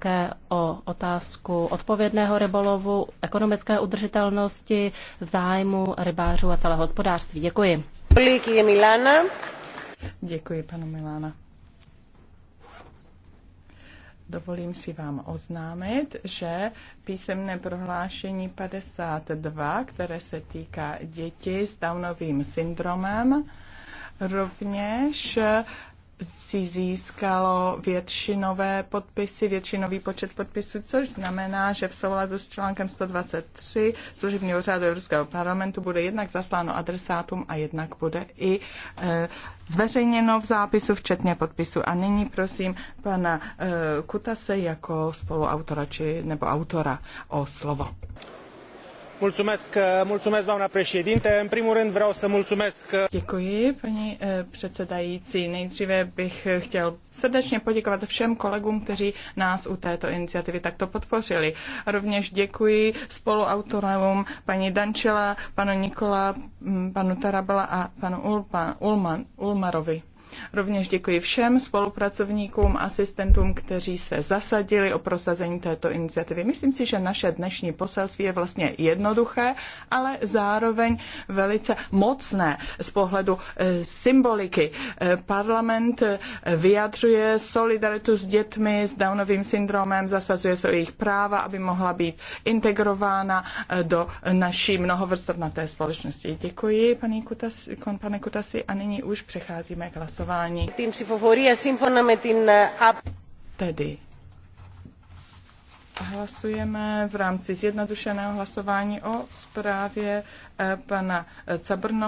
také o otázku odpovědného rybolovu, ekonomické udržitelnosti, zájmu rybářů a celého hospodářství. Děkuji. Děkuji, panu Milána. Dovolím si vám oznámit, že písemné prohlášení 52, které se týká dětí s Downovým syndromem, rovněž si získalo většinové podpisy, většinový počet podpisů, což znamená, že v souladu s článkem 123 služebního řádu Evropského parlamentu bude jednak zasláno adresátům a jednak bude i e, zveřejněno v zápisu, včetně podpisu. A nyní prosím pana e, Kutase jako spoluautora či, nebo autora o slovo. Eh, În primul rând vreau să mulțumesc... Eh, děkuji, paní eh, předsedající. Nejdříve bych chtěl srdečně poděkovat všem kolegům, kteří nás u této iniciativy takto podpořili. rovněž děkuji spoluautorům paní Dančela, panu Nikola, mm, panu Tarabela a panu Ulpa, Ulman, Ulmarovi. Rovněž děkuji všem spolupracovníkům, asistentům, kteří se zasadili o prosazení této iniciativy. Myslím si, že naše dnešní poselství je vlastně jednoduché, ale zároveň velice mocné z pohledu eh, symboliky. Eh, parlament eh, vyjadřuje solidaritu s dětmi s Downovým syndromem, zasazuje se o jejich práva, aby mohla být integrována do naší mnohovrstevnaté společnosti. Děkuji, paní pane Kutasi, a nyní už přecházíme k hlasu hlasování. Tedy hlasujeme v rámci zjednodušeného hlasování o zprávě eh, pana eh, Cabrno.